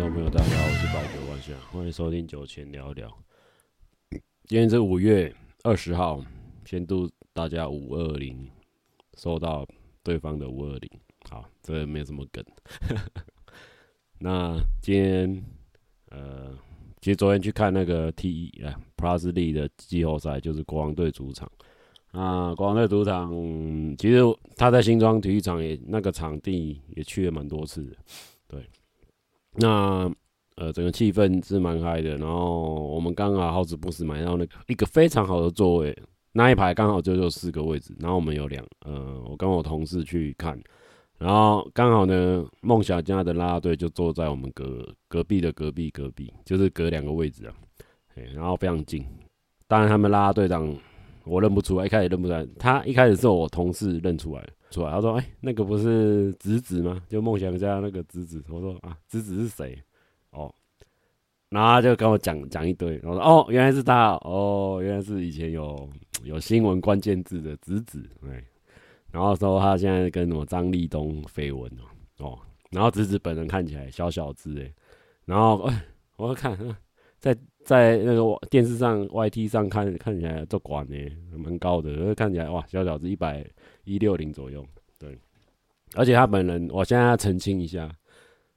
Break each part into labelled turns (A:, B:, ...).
A: 聽眾朋友，大家好，我是百九萬象，歡迎收聽酒前聊一聊。今天是五月二十號，先祝大家五二零收到對方的五二零。好，這個沒什麼梗。 那今天呃，其實昨天去看那個 T1 啊 P. League 的季後賽，就是國王隊主場。啊，國王隊主場，其實他在新莊體育場也那個場地也去了蠻多次的，對。那呃，整個氣氛是蠻嗨的。然後我們剛好好死不死買到那個一個非常好的座位，欸，那一排剛好就有四個位置。然後我們有兩，呃，我跟我同事去看，然後剛好呢，夢想家的啦啦隊就坐在我們隔隔壁的隔壁隔壁，就是隔兩個位置啊，欸，然後非常近。當然，他們啦啦隊長我認不出來，一開始認不出來，他一開始是我同事認出來。出來，他說：“哎、欸，那個不是侄子,子嗎？就夢想家那個侄子,子。”我說：“啊，侄子,子是誰？”哦，然後他就跟我講講一堆。我說：“哦，原來是他哦，原來是以前有有新聞關鍵字的侄子,子。欸”哎，然後說他現在跟什麼張立東緋聞哦哦，然後侄子,子本人看起來小小隻哎，然後哎、欸，我看在在那個電視上、Y T 上看看起來就高呢，蠻高的，看起來,看起來哇，小小隻一百。一六零左右，對，而且他本人，我現在要澄清一下、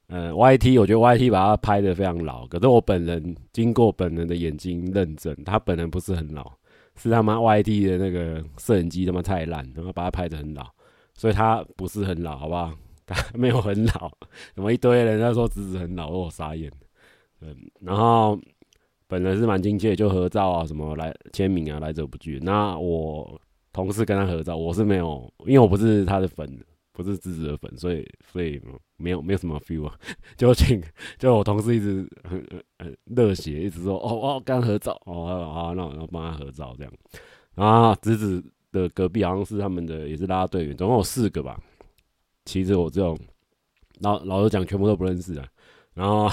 A: 呃，嗯，YT，我覺得 YT 把他拍得非常老，可是我本人經過本人的眼睛認證，他本人不是很老，是他媽 YT 的那個攝影機他媽太爛，他媽把他拍得很老，所以他不是很老，好不好？他沒有很老，什麼一堆人在說子子很老，我傻眼，嗯，然後本人是蠻親切，就合照啊，什麼來簽名啊，來者不拒。那我。同事跟他合照，我是沒有，因為我不是他的粉，不是子子的粉，所以所以沒有沒有什麼 feel，就、啊、請 就我同事一直很很熱血，一直說哦哦跟他合照，哦哦那我那我幫他合照這樣，然後子子的隔壁好像是他們的也是啦啦隊員，總共有四個吧，其實我這種，老，老實講全部都不認識啊，然後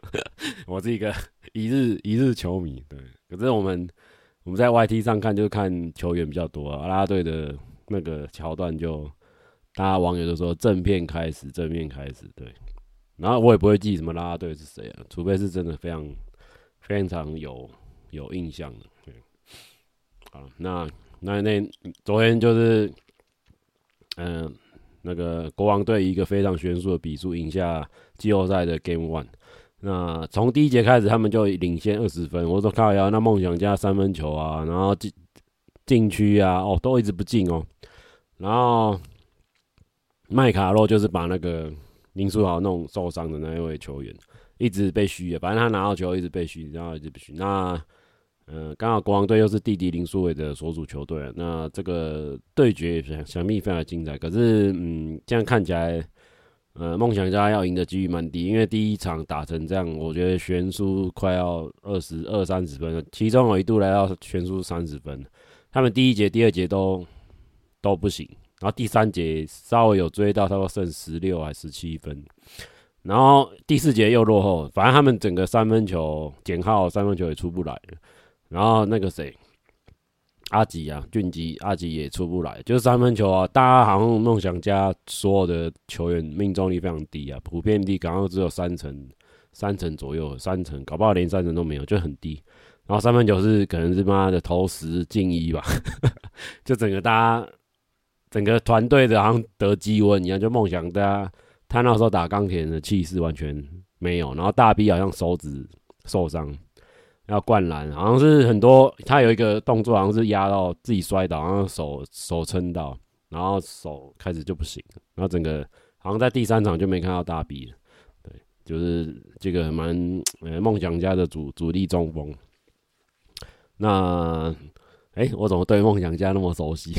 A: 我是一個一日一日球迷，對，可是我們。我們在 YT 上看，就是看球員比較多，啊。啦啦隊的那個橋段就，就大家網友都說正片開始，正片開始。對，然後我也不會記什麼拉拉隊是誰啊，除非是真的非常非常有有印象的。對，好那，那那那昨天就是，嗯、呃，那個國王隊一個非常懸殊的比數贏下季後賽的 Game One。那從第一節開始，他們就領先二十分。我說：“靠呀，那夢想家三分球啊，然後進禁區啊，哦，都一直不進哦。然後麥卡洛就是把那個林書豪弄受傷的那一位球員，一直被噓啊。反正他拿到球一直被噓，然後一直被噓。那嗯，剛好國王隊又是弟弟林書緯的所屬球隊。那這個對決也想想必非常精彩。可是，嗯，這樣看起來。”呃，夢想家要贏的幾率蠻低，因為第一場打成這樣，我覺得懸殊快要二十二三十分了，其中有一度來到懸殊三十分，他們第一節、第二節都都不行，然後第三節稍微有追到，差不多剩十六還十七分，然後第四節又落後，反正他們整個三分球簡浩三分球也出不來了，然後那個誰。阿吉啊，俊吉，阿吉也出不來，就是三分球啊。大家好像夢想家所有的球員命中率非常低啊，普遍低，剛好只有三成、三成左右、三成，搞不好連三成都沒有，就很低。然後三分球是可能是媽的投十進一吧， 就整個大家整個團隊的好像得雞瘟一樣，就夢想家他那時候打鋼鐵人的氣勢完全沒有。然後大 B 好像手指受傷。要灌籃，好像是很多，他有一個動作，好像是壓到自己摔倒，然後手手撐到，然後手開始就不行了，然後整個好像在第三場就沒看到大 B 了，對，就是這個蠻呃夢想家的主主力中鋒。那哎、欸，我怎麼對夢想家那麼熟悉？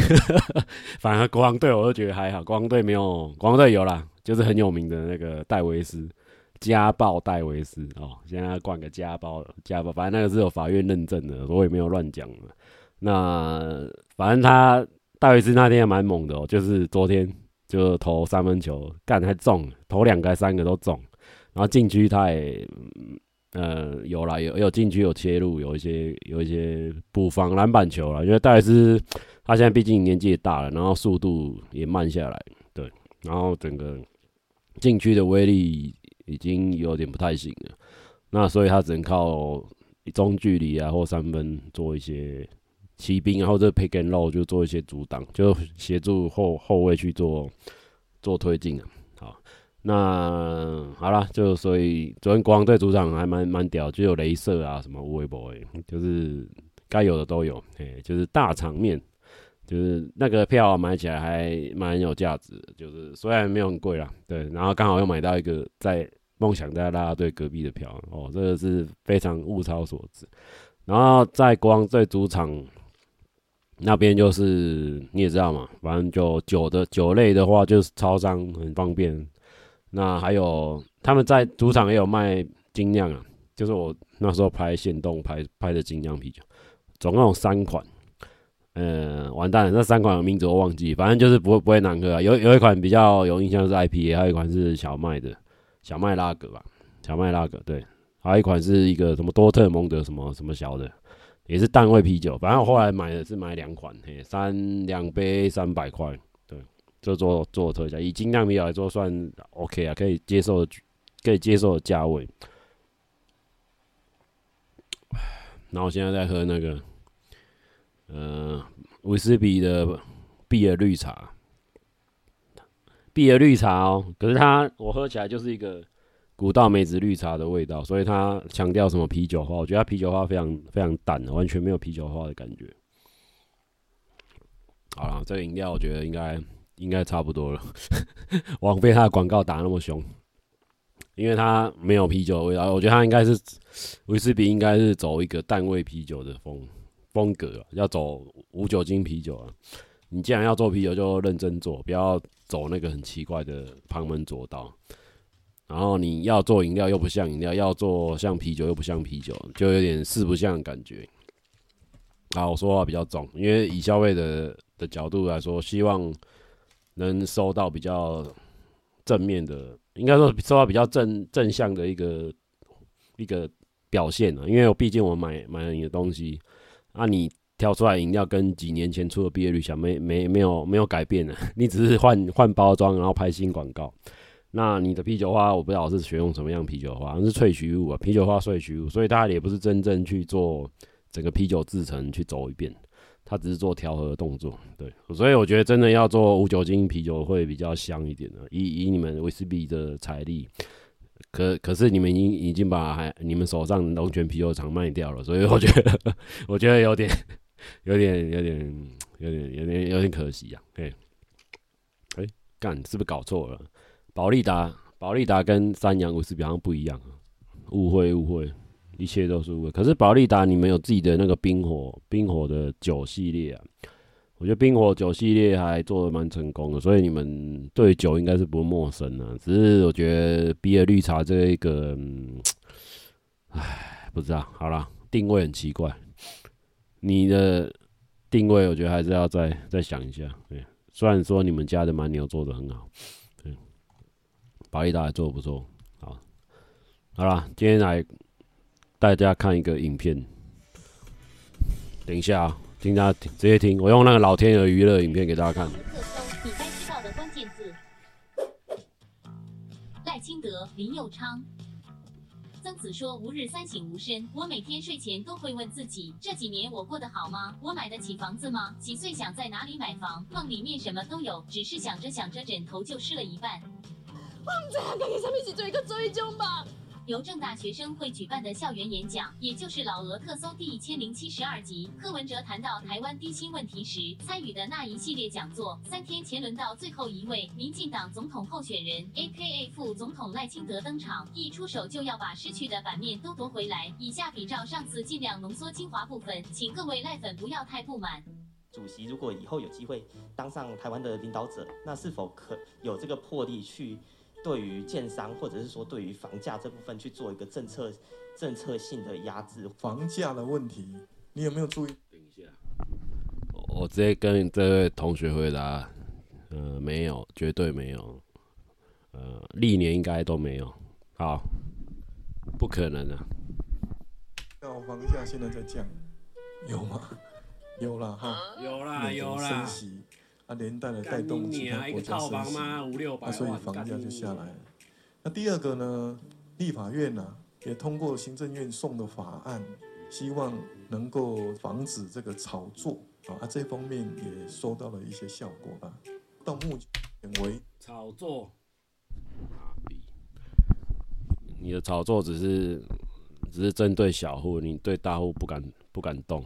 A: 反而國王隊，我都覺得還好，國王隊沒有，國王隊有啦，就是很有名的那個戴維斯。家暴戴維斯哦，現在要灌個家暴了，家暴反正那個是有法院認證的，我也沒有亂講的。那反正他戴維斯那天也蠻猛的哦，就是昨天就投三分球，幹還中，投兩個還三個都中。然後禁區他也、嗯，呃，有了有有禁區有切入，有一些有一些補防籃板球了，因為戴維斯他現在畢竟年紀也大了，然後速度也慢下來，對，然後整個禁區的威力。已經有點不太行了，那所以他只能靠一中距離啊，或三分做一些騎兵，然後這 pick and roll 就做一些阻擋，就協助後後衛去做做推進啊。好，那好了，就所以昨天國王隊主場還蠻蠻屌，就有鐳射啊，什麼威博，就是該有的都有，哎、欸，就是大場面，就是那個票買起來還蠻有價值，就是雖然沒有很貴啦，對，然後剛好又買到一個在。夢想在拉拉隊隔壁的票哦，這個是非常物超所值。然後在國王在主場那邊，就是你也知道嘛，反正就酒的酒類的話，就是超商很方便。那還有他們在主場也有賣精釀啊，就是我那時候拍現動拍拍的精釀啤酒，總共有三款。嗯、呃，完蛋了，那三款名字我忘記，反正就是不會不會難喝、啊。有有一款比較有印象是 IP，A，還有一款是小麥的。小麥拉格吧，小麥拉格對，還有一款是一個什麼多特蒙德什麼什麼小的，也是淡味啤酒。反正我後來買的是買兩款，嘿，三兩杯三百塊，對，這做做特價，以精釀啤酒來做算 OK 啊，可以接受，可以接受的價位。然後我現在在喝那個，呃，維士比的碧爾綠茶。碧爾綠茶哦、喔，可是它我喝起來就是一個古道梅子綠茶的味道，所以它強調什麼啤酒花，我覺得它啤酒花非常非常淡，完全沒有啤酒花的感覺。好了，這個飲料我覺得應該應該差不多了，枉 費它的廣告打那麼凶，因為它沒有啤酒的味道，我覺得它應該是威士忌，應該是走一個淡味啤酒的風風格，要走無酒精啤酒了。你既然要做啤酒，就認真做，不要走那個很奇怪的旁門左道。然後你要做飲料，又不像飲料；要做像啤酒，又不像啤酒，就有點四不像的感覺。好、啊，我說話比較重，因為以消費者的角度來說，希望能收到比較正面的，應該說收到比較正正向的一個一個表現呢。因為我畢竟我買買了你的東西，啊，你。跳出來飲料跟幾年前出的畢業旅行沒沒沒有沒有改變的， 你只是換換包裝，然後拍新廣告。那你的啤酒花我不知道，我是選用什麼樣啤酒花，但是萃取物啊，啤酒花萃取物，所以大家也不是真正去做整個啤酒製程，去走一遍，它只是做調和的動作。對，所以我覺得真的要做無酒精啤酒會比較香一點的、啊。以以你們維士比的財力，可可是你們已經你已經把還你們手上龍泉啤酒廠賣掉了，所以我覺得 我覺得有點。有點，有點，有點，有點，有點可惜啊。對、欸，哎、欸，幹，是不是搞錯了？保力達，保力達跟三洋、維士比好像不一樣啊！誤會，誤會，一切都是誤會。可是保力達，你們有自己的那個冰火冰火的酒系列啊！我覺得冰火酒系列還做得蠻成功的，所以你們對酒應該是不陌生啊。只是我覺得，比爾綠茶這一個、嗯，唉，不知道。好了，定位很奇怪。你的定位，我覺得還是要再再想一下。對，雖然說你們家的蠻牛做得很好，對，保力達還做得不錯。好，好了，今天來帶大家看一個影片。等一下啊，喔，聽大家聽，直接聽，我用那個老天鵝娛樂影片給大家
B: 看。賴清德林又昌。曾子說：“吾日三省吾身。”我每天睡前都會問自己：這幾年我過得好嗎？我買得起房子嗎？幾歲想在哪裡買房？夢裡面什麼都有，只是想着想着，枕頭就濕了一半。我唔知阿媽佢上一起做一個追蹤吧。由政大學生會舉辦的校園演講，也就是老鵝特搜第一千零七十二集，柯文哲談到台灣低薪問題時參與的那一系列講座。三天前輪到最後一位民進黨總統候選人，A.K.A. 副總統賴清德登場，一出手就要把失去的版面都奪回來。以下比照上次，儘量濃縮精華部分，請各位賴粉不要太不滿。
C: 主席，如果以後有機會當上台灣的領導者，那是否可有這個魄力去？對於建商，或者是說對於房價這部分去做一個政策政策性的壓制。房價的問題，你有沒有注意？等一下，
A: 我直接跟這位同學回答，呃，沒有，絕對沒有，呃，歷年應該都沒有，好，不可能的。那
C: 我房價現在在降，有嗎？有啦、啊、哈，有啦。有啦。它、啊、連帶的帶動其他國家升息，你你、啊啊，所以房價就下來了。那你、啊、第二個呢？立法院呢、啊、也通過行政院送的法案，希望能夠防止這個炒作啊。這方面也收到了一些效果吧。到目前為止，炒作？
A: 你的炒作只是只是針對小戶，你對大戶不敢不敢動。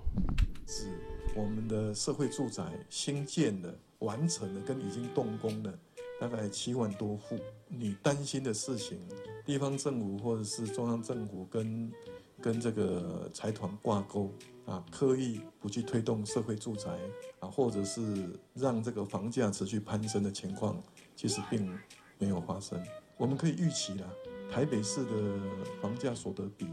C: 指我們的社會住宅新建的。完成了跟已經動工的大概七萬多戶，你擔心的事情，地方政府或者是中央政府跟跟這個財團掛鈎啊，刻意不去推動社會住宅啊，或者是讓這個房價持續攀升的情況，其實並沒有發生。我們可以預期啦，台北市的房價所得比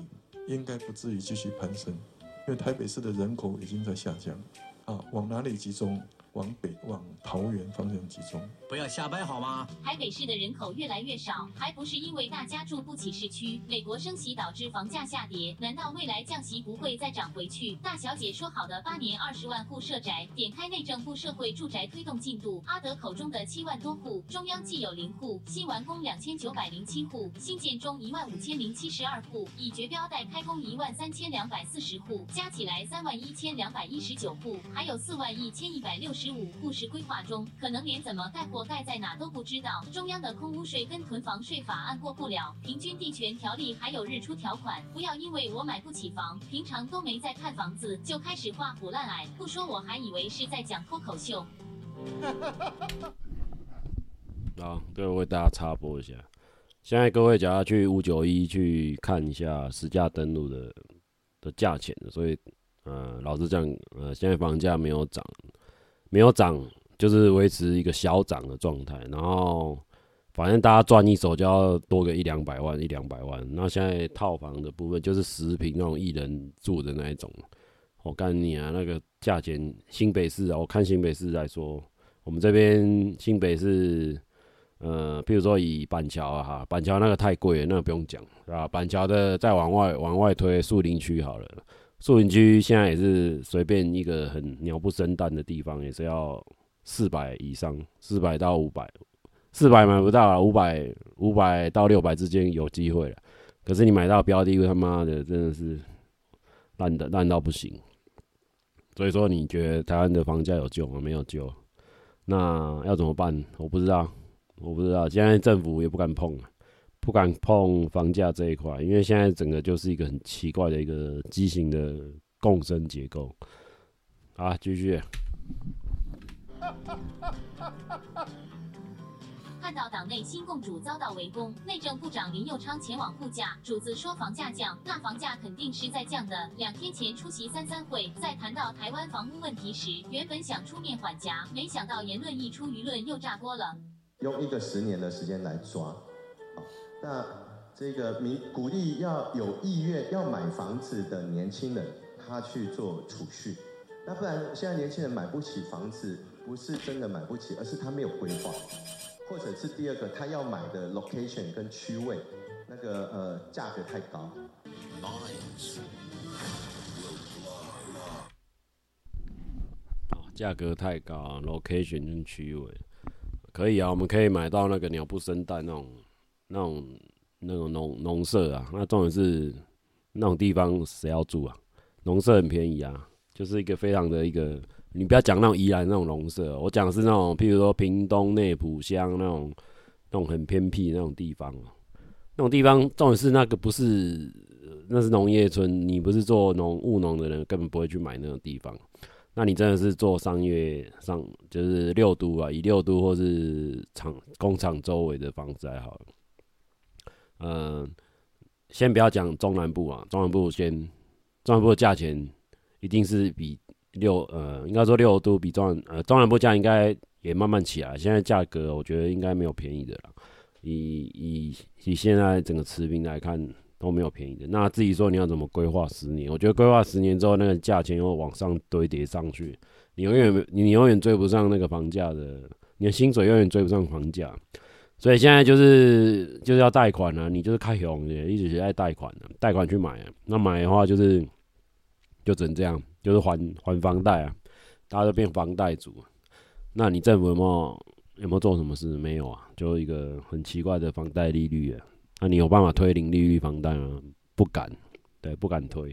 C: 應該不至於繼續攀升，因為台北市的人口已經在下降，啊，往哪裡集中？往北往桃園方向集中，不要瞎掰好嗎？
B: 台北市的人口越來越少，還不是因為大家住不起市區？美國升息導致房價下跌，難道未來降息不會再漲回去？大小姐說好的八年二十萬戶社宅，點開內政部社會住宅推動進度，阿德口中的七萬多戶，中央既有零戶，新完工兩千九百零七戶，新建中一萬五千零七十二戶，已決標待開工一萬三千兩百四十戶，加起來三萬一千兩百一十九戶，還有四萬一千一百六十。十五故事規劃中，可能連怎麼蓋貨、蓋在哪都不知道。中央的空屋稅跟囤房稅法案過不了，平均地權條例還有日出條款。不要因為我買不起房，平常都沒在看房子，就開始畫唬爛。不說我還以為是在講脫口秀。
A: 好，各位為大家插播一下，現在各位只要去五九一去看一下實價登錄的的價錢。所以，呃，老實講，呃，現在房價沒有漲。沒有漲，就是維持一個小漲的狀態。然後，反正大家賺一手就要多個一兩百萬，一兩百萬。那現在套房的部分就是十平那種一人住的那一種。我、哦、跟你啊，那個價錢，新北市啊，我看新北市來說，我們這邊新北市，呃，譬如說以板橋啊，哈，板橋那個太貴了，那個不用講，是、啊、吧？板橋的再往外，往外推樹林區好了。宿營區現在也是隨便一個很鳥不生蛋的地方，也是要四百以上，四百到五百，四百買不到啦，五百五百到六百之間有機會了。可是你買到的標的，他媽的真的是爛的爛到不行。所以說，你覺得台灣的房價有救嗎？沒有救。那要怎麼辦？我不知道，我不知道。現在政府也不敢碰啊。不敢碰房價這一塊，因為現在整個就是一個很奇怪的一個畸形的共生結構。好，繼續。
B: 看到黨內新共主遭到圍攻，內政部長林右昌前往護駕，主子說房價降，那房價肯定是在降的。兩天前出席三三會，在談到台灣房屋問題時，原本想出面緩頰，沒想到言論一出，輿論又炸鍋了。
C: 用一個十年的時間來抓。那這個你鼓勵要有意願要買房子的年輕人，他去做儲蓄。那不然現在年輕人買不起房子，不是真的買不起，而是他沒有規劃，或者是第二個他要買的 location 跟區位，那個呃價格太高。
A: 好，價格太高啊，location 跟區位可以啊，我們可以買到那個鳥不生蛋那種。那種那種農農舍啊，那重點是那種地方誰要住啊？農舍很便宜啊，就是一個非常的一個，你不要講那種宜蘭那種農舍啊，我講的是那種，譬如說屏東內埔鄉那種那種很偏僻的那種地方啊，那種地方重點是那個不是，那是農業村，你不是做農務農的人根本不會去買那種地方，那你真的是做商業上就是六都啊，以六都或是廠工廠周圍的房子還好。呃，先不要講中南部啊，中南部先，中南部的價錢一定是比六呃，應該說六都比中呃中南部價應該也慢慢起來，現在價格我覺得應該沒有便宜的了，以以以現在整個持平來看都沒有便宜的，那至於說你要怎麼規劃十年？我覺得規劃十年之後那個價錢又往上堆疊上去，你永遠你，你永遠追不上那個房價的，你的薪水永遠追不上房價。所以現在就是就是要貸款了、啊，你就是開熊，的、啊，一直在貸款的，貸款去買。啊，那買的話就是就只能這樣，就是還還房貸啊，大家都變房貸族、啊。那你政府有沒有有沒有做什麼事？沒有啊，就一個很奇怪的房貸利率啊。那、啊、你有辦法推零利率房貸嗎？不敢，對，不敢推。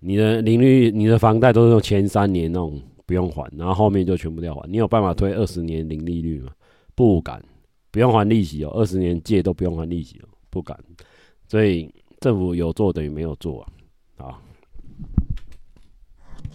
A: 你的零利率，你的房貸都是用前三年那種不用還，然後後面就全部都要還。你有辦法推二十年零利率嗎？不敢。不用還利息哦，二十年借都不用還利息哦，不敢。所以政府有做等於沒有做啊。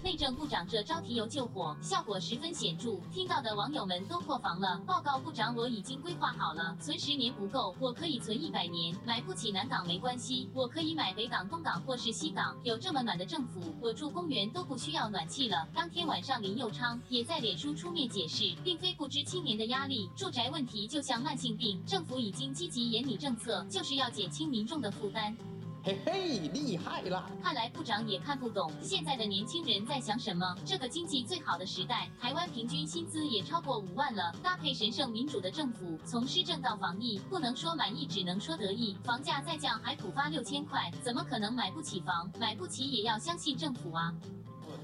B: 內政部長這招提油救火，效果十分顯著，聽到的網友們都破防了。報告部長，我已經規劃好了，存十年不夠，我可以存一百年。買不起南港沒關係，我可以買北港、東港或是西港。有這麼暖的政府，我住公園都不需要暖氣了。當天晚上林右昌也在臉書出面解釋，並非不知青年的壓力，住宅問題就像慢性病，政府已經積極研擬政策，就是要減輕民眾的負擔。
C: 嘿嘿，厲、hey, hey, 害了！
B: 看來部長也看不懂現在的年輕人在想什麼？這個經濟最好的時代，台灣平均薪資也超過五萬了，搭配神聖民主的政府，從施政到防疫，不能說滿意，只能說得意。房價再降還普發六千塊，怎麼可能買不起房？買不起也要相信政府啊！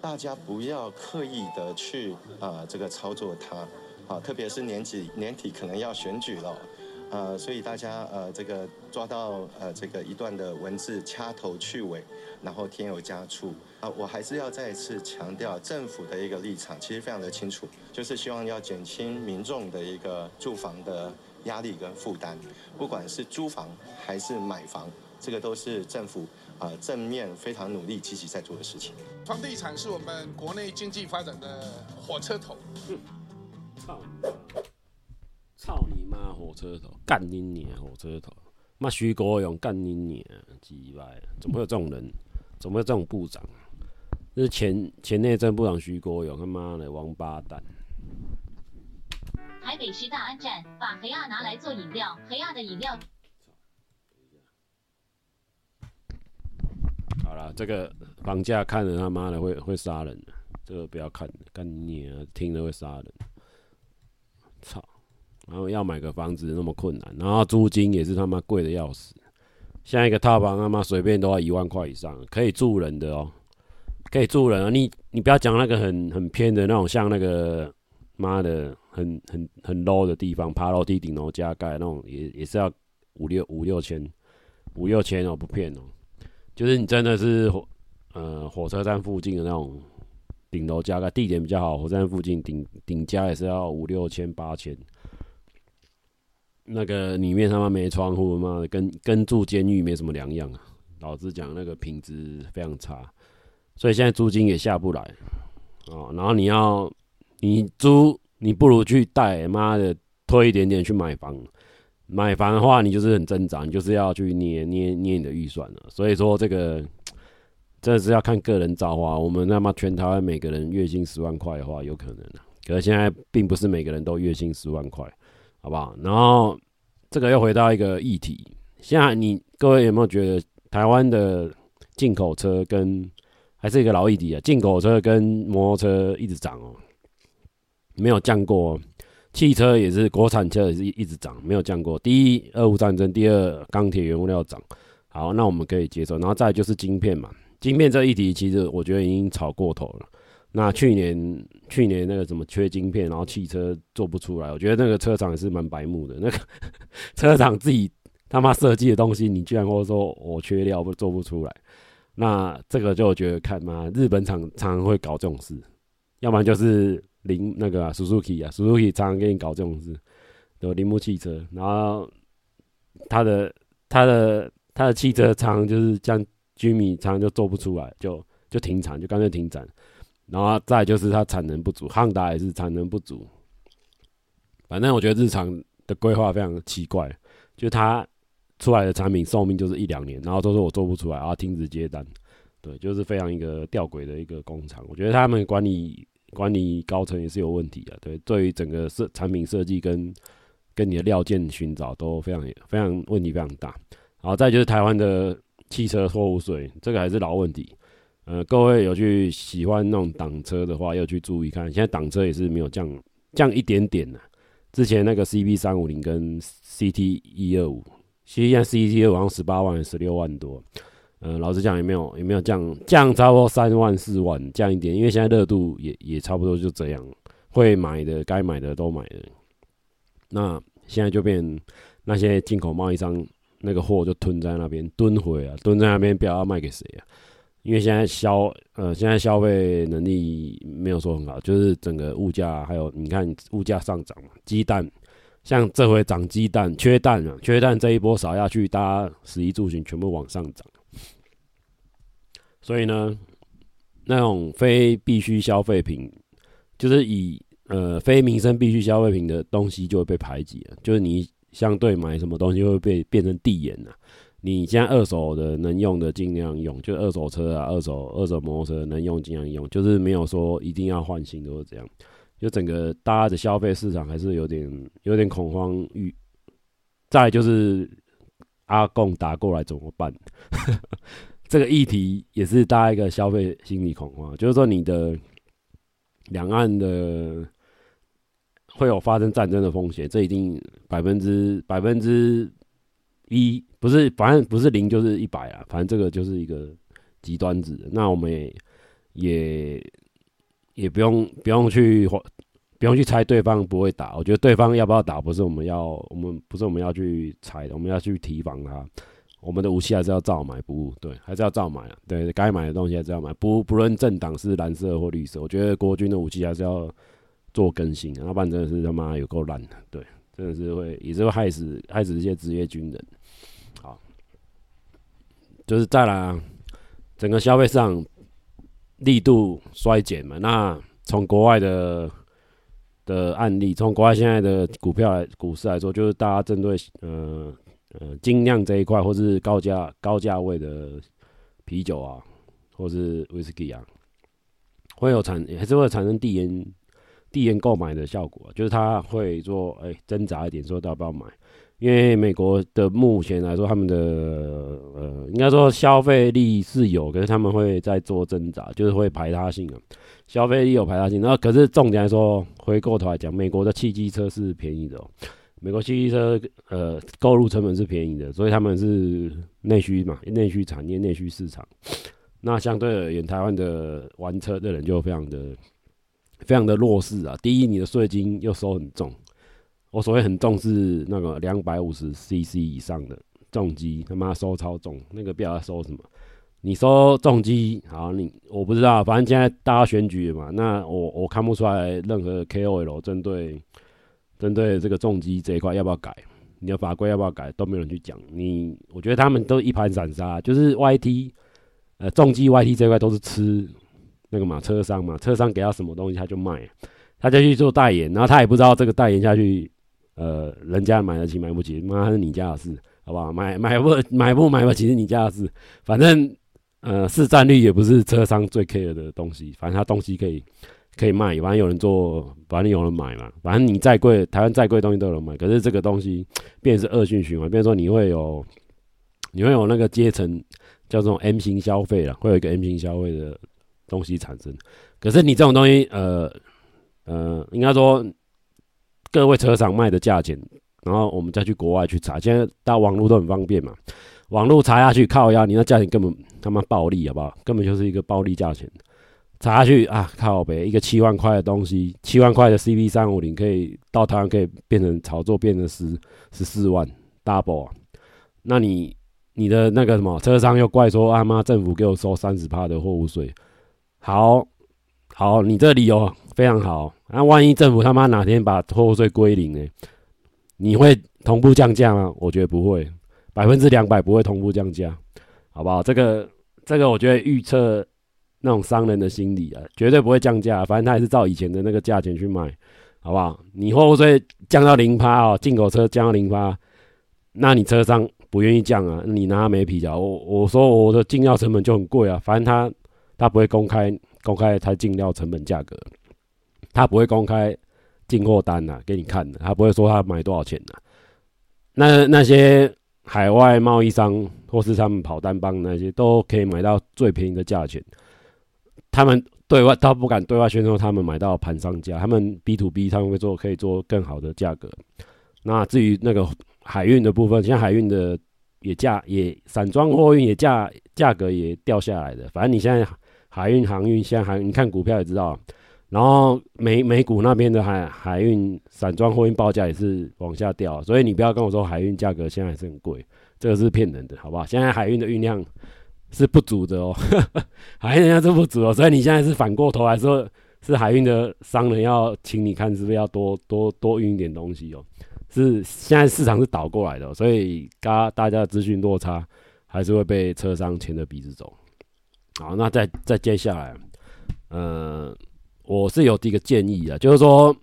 C: 大家不要刻意的去啊、呃，這個操作它，啊、呃，特別是年底年底可能要選舉了。呃，所以大家呃，這個抓到呃，這個一段的文字掐頭去尾，然後添油加醋啊，呃，我還是要再一次強調，政府的一個立場其實非常的清楚，就是希望要減輕民眾的一個住房的壓力跟負擔，不管是租房還是買房，這個都是政府呃，正面非常努力積極在做的事情。房地產是我們國內經濟發展的火車頭。嗯。
A: 操你媽！火車頭幹你娘！火車頭，媽，徐國勇幹你娘！雞巴？怎麼會有這種人？怎麼會有這種部長？就是前前內政部長徐國勇，他媽的王八蛋！台北市大安站把黑暗拿來做
B: 飲料，黑暗的飲
A: 料。好了，這個房價看了他媽的會會殺人，這個不要看，幹你娘，聽了會殺人。操！然後要買個房子那麼困難，然後租金也是他媽貴的要死。像一個套房他媽隨便都要一萬塊以上，可以住人的哦，可以住人的。你你不要講那個很很偏的那種，像那個媽的很很很 low 的地方，爬樓梯頂樓加蓋那種也，也也是要五六五六千五六千哦，不騙哦。就是你真的是火呃火車站附近的那種頂樓加蓋，地點比較好，火車站附近頂頂加也是要五六千八千。那個裡面他媽沒窗戶，媽的跟跟住監獄沒什麼兩樣啊！老子講那個品質非常差，所以現在租金也下不來啊、哦。然後你要你租，你不如去貸，媽的拖一點點去買房。買房的話，你就是很掙扎，你就是要去捏捏捏你的預算了、啊。所以說這個這是要看個人造化。我們他媽全台灣每個人月薪十萬塊的話，有可能的、啊。可是現在並不是每個人都月薪十萬塊。好不好？然後這個又回到一個議題。現在你各位有沒有覺得台灣的進口車跟還是一個老議題啊？進口車跟摩托車一直漲哦，沒有降過。汽車也是，國產車也是一，一直漲，沒有降過。第一，俄烏戰爭；第二，鋼鐵原物料漲。好，那我們可以接受。然後再就是晶片嘛，晶片這議題其實我覺得已經炒過頭了。那去年去年，那個什麼缺晶片，然後汽車做不出來，我覺得那個車廠也是蠻白目的。那個 車廠自己他媽設計的東西，你居然跟我說我缺料不做不出來？那這個就我覺得看嘛，日本廠常，常常會搞這種事，要不然就是鈴那個 Suzuki 啊，Suzuki 常常給你搞這種事，有鈴木汽車，然後他的他的他的汽車廠就是這樣，Jimmy 常常就做不出來，就就停產，就乾脆停產。然後再來就是它產能不足，Honda 也是產能不足。反正我覺得日產的規劃非常奇怪，就它出來的產品壽命就是一兩年，然後都是我做不出來然後停止接單。對，就是非常一個吊詭的一個工廠。我覺得他們管理管理高層也是有問題的，對，對於整個設產品設計跟跟你的料件尋找都非常非常問題非常大。然後再就是台灣的汽車貨物稅，這個還是老問題。呃，各位有去喜歡那種擋車的話，要去注意看。現在擋車也是沒有降，降一點點呢、啊。之前那個 CB 三五零跟 CT 一二五，其實現在 CT 一二五好像十八萬還是十六萬多。嗯、呃，老實講也沒有也沒有降，降差不多三萬四萬，降一點。因為現在熱度也也差不多就這樣，會買的該買的都買了。那現在就變，那些進口貿易商那個貨就吞在那邊蹲回啊，蹲在那邊不要，要賣給誰啊。因為現在消，呃，現在消費能力沒有說很好，就是整個物價還有，你看物價上漲嘛，雞蛋像這回漲雞蛋，缺蛋了，啊，缺蛋這一波掃下去，大家食衣住行全部往上漲，所以呢，那種非必需消費品，就是以呃非民生必需消費品的東西就會被排擠了，就是你相對買什麼東西就會被變成遞延了。你現在二手的能用的盡量用，就二手車啊、二手二手摩托車能用盡量用，就是沒有說一定要換新的或怎樣。就整個大家的消費市場還是有點有點恐慌欲。再就是阿共打過來怎麼辦？ 這個議題也是大家一個消費心理恐慌，就是說你的兩岸的會有發生戰爭的風險，這一定百分之百分之一。不是，反正不是零就是一百啊，反正這個就是一個極端值。那我們也也，也不用不用去不用去猜對方不會打，我覺得對方要不要打，不是我們要我們不是我們要去猜的，我們要去提防他。我們的武器還是要照買不誤，對，還是要照買啊，對，該買的東西還是要買。不不論政黨是藍色或綠色，我覺得國軍的武器還是要做更新啊，要不然真的是他媽有夠爛的，對，真的是會也是會害死害死一些職業軍人。就是再啦，整個消費市場力度衰減嘛。那從國外的的案例，從國外現在的股票來股市來說，就是大家針對呃呃精釀這一塊，或是高價高價位的啤酒啊，或是 Whisky 啊，會有產還、欸、是會產生遞延遞延購買的效果、啊，就是他會做哎掙、欸、扎一點，說到底要不要買？因為美國的目前來說，他們的呃，應該說消費力是有，可是他們會在做掙扎，就是會排他性啊。消費力有排他性，然後可是重點來說，回過頭來講，美國的汽機車是便宜的哦，美國汽機車呃，購入成本是便宜的，所以他們是內需嘛，內需產業、內需市場。那相對而言，台灣的玩車的人就非常的、非常的弱勢啊。第一，你的稅金又收很重。我所謂很重視那個兩百五十 CC 以上的重機，他媽收超重，那個不要收什麼，你收重機，好，你我不知道，反正現在大家選舉了嘛，那我我看不出來任何 KOL 針對針對這個重機這一塊要不要改，你的法規要不要改，都沒有人去講。你，我覺得他們都一盤散沙，就是 YT，呃，重機 YT 這塊都是吃那個嘛，車商嘛，車商給他什麼東西他就賣，他就去做代言，然後他也不知道這個代言下去。呃，人家買得起買不起，媽是你家的事，好不好？買買不，買不買不買不起是你家的事。反正，呃，市占率也不是車商最 care 的東西。反正他東西可以可以賣，反正有人做，反正有人買嘛。反正你再貴，台灣再貴東西都有人買。可是這個東西變成是惡性循環，變成說你會有你會有那個階層叫做 M 型消費了，會有一個 M 型消費的東西產生。可是你這種東西，呃呃，應該說。各位車商賣的價錢，然後我們再去國外去查，現在到網絡都很方便嘛，網絡查下去靠下你那價錢根本他媽暴利好不好？根本就是一個暴利價錢，查下去啊靠北，一個七萬塊的東西，七萬塊的 CB 三五零可以到台灣可以變成炒作變成十十四萬 double，啊，那你你的那個什麼車商又怪說啊，他媽政府給我收三十趴的貨物稅，好，好，你這理由非常好。那、啊、萬一政府他媽哪天把貨物稅歸零呢、欸？你會同步降價嗎？我覺得不會200，百分之兩百不會同步降價，好不好？這個這個，我覺得預測那種商人的心理啊，絕對不會降價、啊，反正他還是照以前的那個價錢去賣，好不好？你貨物稅降到零趴哦，進、啊、口車降到零趴，啊、那你車商不願意降啊？你拿他沒皮條。我我說我的進料成本就很貴啊，反正他他不會公開公開他進料成本價格。他不會公開進貨單吶、啊，給你看的、啊。他不會說他買多少錢的、啊。那那些海外貿易商或是他們跑單幫那些，都可以買到最便宜的價錢。他們對外，他不敢對外宣稱他們買到盤商價，他們 B to B 他們會做，可以做更好的價格。那至於那個海運的部分，像海運的也價也散裝貨運也價價格也掉下來的。反正你現在海運航運現在航你看股票也知道、啊。然後美美股那邊的海海運散裝貨運報價也是往下掉，所以你不要跟我說海運價格現在還是很貴，這個是騙人的，好不好？現在海運的運量是不足的哦，呵呵海運量是不足哦，所以你現在是反過頭來說是海運的商人要請你看是不是要多多多運一點東西哦，是現在市場是倒過來的哦，所以大家的資訊落差還是會被車商牽着鼻子走。好，那再再接下來，嗯、呃。我是有這個建議的，就是說，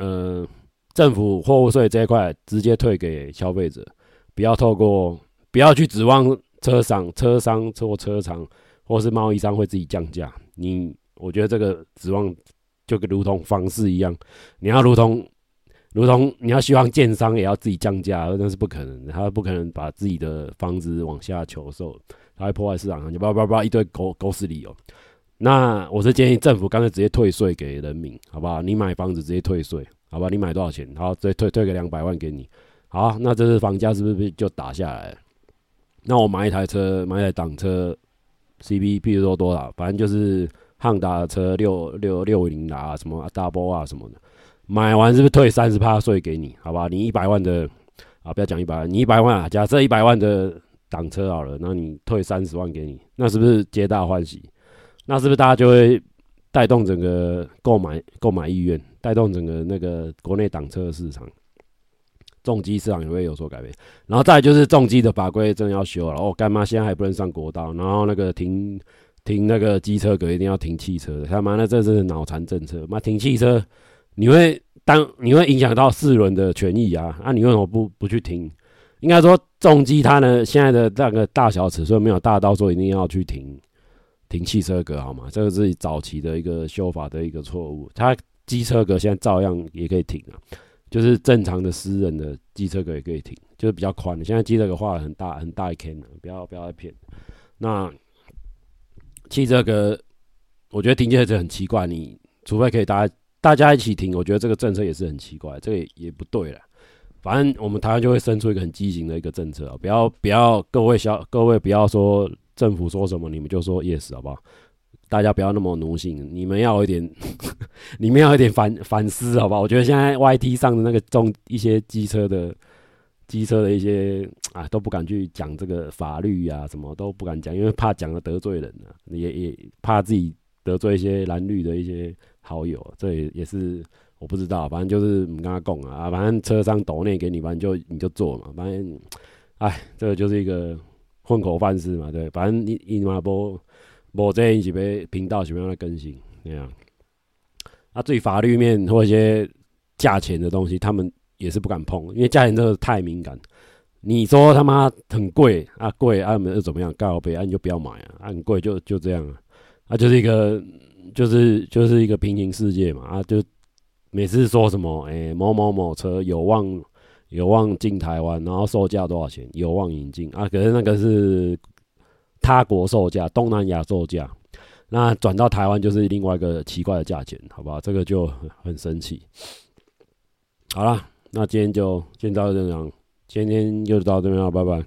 A: 嗯，政府貨物稅這一塊直接退給消費者，不要透過，不要去指望車商、車商或車廠，或是貿易商會自己降價。你，我覺得這個指望就如同房市一樣，你要如同，如同你要希望建商也要自己降價，那是不可能的，他不可能把自己的房子往下求售，他會破壞市場上就，叭叭叭一堆狗狗屎理由。那我是建議政府乾脆直接退稅給人民，好不好？你買房子直接退稅，好吧？你買多少錢？好，直接退退個兩百萬給你。好，那這是房價是不是就打下來？那我買一台車，買一台擋車，CBP 說多少？反正就是漢達車六六六零啊，什麼大波啊什麼的，買完是不是退三十趴稅給你？好吧好？你一百萬的啊，不要講一百萬，你一百萬啊，假設一百萬的擋車好了，那你退三十萬給你，那是不是皆大歡喜？那是不是大家就會帶動整個購買購買意願，帶動整個那個國內擋車市場，重機市場也會有所改變。然後再來就是重機的法規真的要修了，哦，幹嘛現在還不能上國道，然後那個停停那個機車格一定要停汽車的，他媽的這是腦殘政策，那停汽車你會當你會影響到四輪的權益啊，那、啊、你為什麼不不去停？應該說重機它呢現在的那個大小尺寸沒有大到說一定要去停。停汽車格好嗎？這個是早期的一個修法的一個錯誤。它機車格現在照樣也可以停啊，就是正常的私人的機車格也可以停，就是比較寬的。現在機車格畫得很大很大一 K 呢、啊，不要不要再騙。那汽車格，我覺得停汽車很奇怪，你除非可以大家大家一起停，我覺得這個政策也是很奇怪，這個也，也不對啦。反正我們台灣就會生出一個很畸形的一個政策啊！不要不要，各位小各位不要說。政府說什麼，你們就說 yes，好不好？大家不要那麼奴性，你們要有一點呵呵，你們要有一點反反思，好不好？我覺得現在 YT 上的那個中一些機車的機車的一些啊都不敢去講這個法律啊，什麼都不敢講，因為怕講了得，得罪人了，啊，也也怕自己得罪一些藍綠的一些好友，啊，這也也是我不知道，啊，反正就是你跟他講啊，啊，反正車商抖內給你吧，你就你就做嘛，反正，哎，這個就是一個。混口飯吃嘛，對，反正你你嘛不不在一起唄，頻道什麼樣的更新，那樣、啊。啊，至於法律面或一些價錢的東西，他們也是不敢碰，因為價錢真的太敏感。你說他媽很貴啊，貴啊，又怎麼樣，告別啊，你就不要買啊，很、啊、貴就就這樣啊，啊就是一個就是就是一個平行世界嘛，啊就每次說什麼哎、欸、某某某車有望。有望進台灣，然後售價多少錢？有望引進啊，可是那個是他國售價，東南亞售價，那轉到台灣就是另外一個奇怪的價錢，好不好？這個就很神奇。好啦，那今天就先到這樣，今天就到這邊了，拜拜。